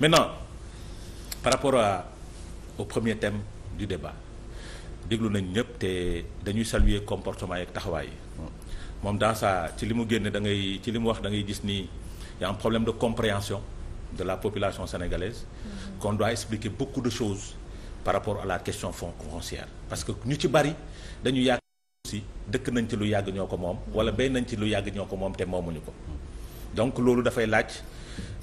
maintenant par rapport à au premier thème du débat déglu nañ ñëpp te dañuy saluer comportement yeeg taxawaay moom dans sa ci li mu génne da ngay ci li mu wax da ngay gis ni y a problème de compréhension de la population sénégalaise kon mm-hmm. doit expliquer beaucoup de choses par rapport à la question foncière parce que ñu ci bari dañu yàgg si dëkk nañ ci lu yàgg ñoo ko moom wala mm-hmm. bay nañ ci lu yàgg ñoo ko moom te moomuñu ko donc loolu dafay laaj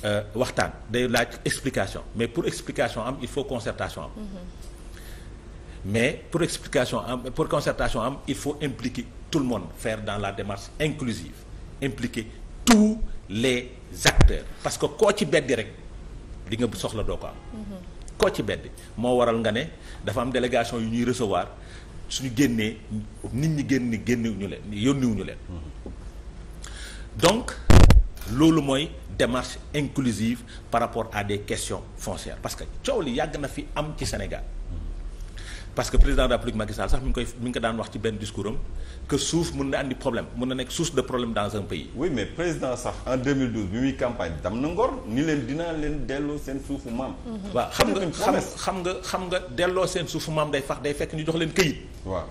euh, waxtaan day laaj explication mais pour explication am il faut concertation am. Mm-hmm. mais pour explication am pour concertation am il faut impliquer tout le monde faire dans la démarche inclusive impliquer tous les acteurs parce que koo ci beddi rek di nga soxla doo ko am. Mm-hmm. koo ci beddi moo waral nga ne dafa am délégation yu ñuy recevoir suñu génnee nit ñi génn génnewuñu leen yónniwuñu leen mm-hmm. donc. loolu mooy démarche inclusive par rapport à des question foncières parce que coow li yàgg na fi am ci Sénégal parce que président de la République Macky sax mi ngi koy mi ngi ko daan wax ci benn discours am que suuf mën na andi problème mën na nekk source de problème dans un pays. oui mais président sax en 2012 bi muy campagne leen dinaa leen delloo seen suufu maam. Mm-hmm. xam nga xam nga xam nga delloo seen suufu maam day fax day fekk ñu jox leen këyit. waaw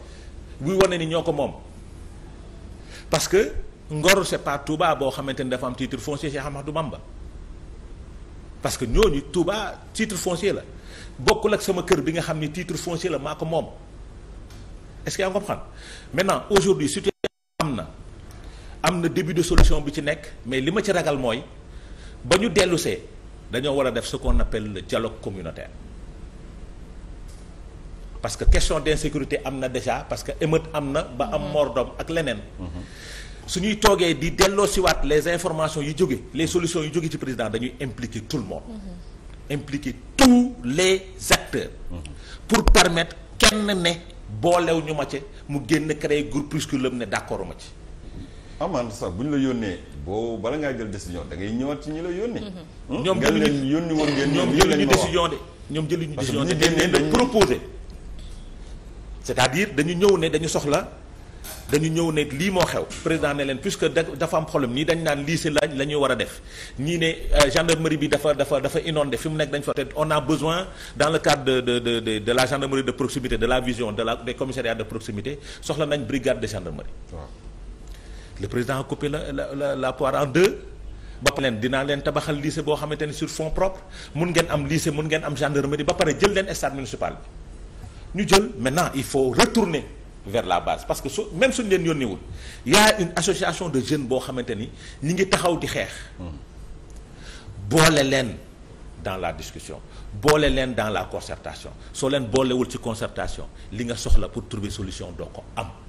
buy wane ni ñoo ko moom parce que. Ngor c'est pas Touba boo xamante ni dafa am titre foncier Cheikh Ahmadou Bamba que ñooñu Touba titre foncier la bokkul ak sama kër bi nga xam ni titre foncier la maa ko moom est-ce que yaa ngi comprendre maintenant aujourd'hui situation am na am na début de solution bi ci nekk mais li ma ci ragal mooy ba ñu dellusee dañoo war a def ce qu'on appelle le parce que question d'insécurité am na déjà parce que émeute am na ba am mhm. mort doom ak leneen mhm. su ñuy toogee di delloo siwaat les informations yu jóge les solutions yu jóge ci président dañuy impliquer tout le monde mm-hmm. impliquer tous les acteurs mm-hmm. pour permettre kenn ne boolew ñu ma ci mu génn créer groupuscule ne d'accord ma ci amande sax bu ñu la yónnee boo bala ngaa jël décision da ngay ñëwaat ci ñi la yónnee. Mm-hmm. Hmm? ñoom jëluñu yónni woon ngeen ñoom jëluñu décision de ñoom jëluñu décision de dañ leen di proposer c'est-à-dire dañu ñëw ne dañu soxla dañu ñëw ne lii moo xew président ne leen puisque dafa am problème ñii dañ naan lii si laaj la ñuy war a def ñii ne euh, gendarmerie bi dafa dafa inon inondé fi mu nekk dañ fa te on a besoin dans le cadre de de de de de la gendarmerie de proximité de la vision de la des commissariats de proximité soxla nañ brigade de gendarmerie. waaw le président a coupé la la la la poire en deux. ba pare leen dinaa leen tabaxal lycée boo xamante ne sur fonds propres mun ngeen am lycée mun ngeen am gendarmerie ba pare jël leen stade municipal bi ñu jël maintenant il faut retourner. vers la base parce que su même suñ leen yónniwul y a une association de jeune boo xamante ni ñu ngi taxaw di xeex boole leen dans la discussion boole leen dans la concertation soo leen boolewul ci concertation li nga soxla pour trouver solution doo ko am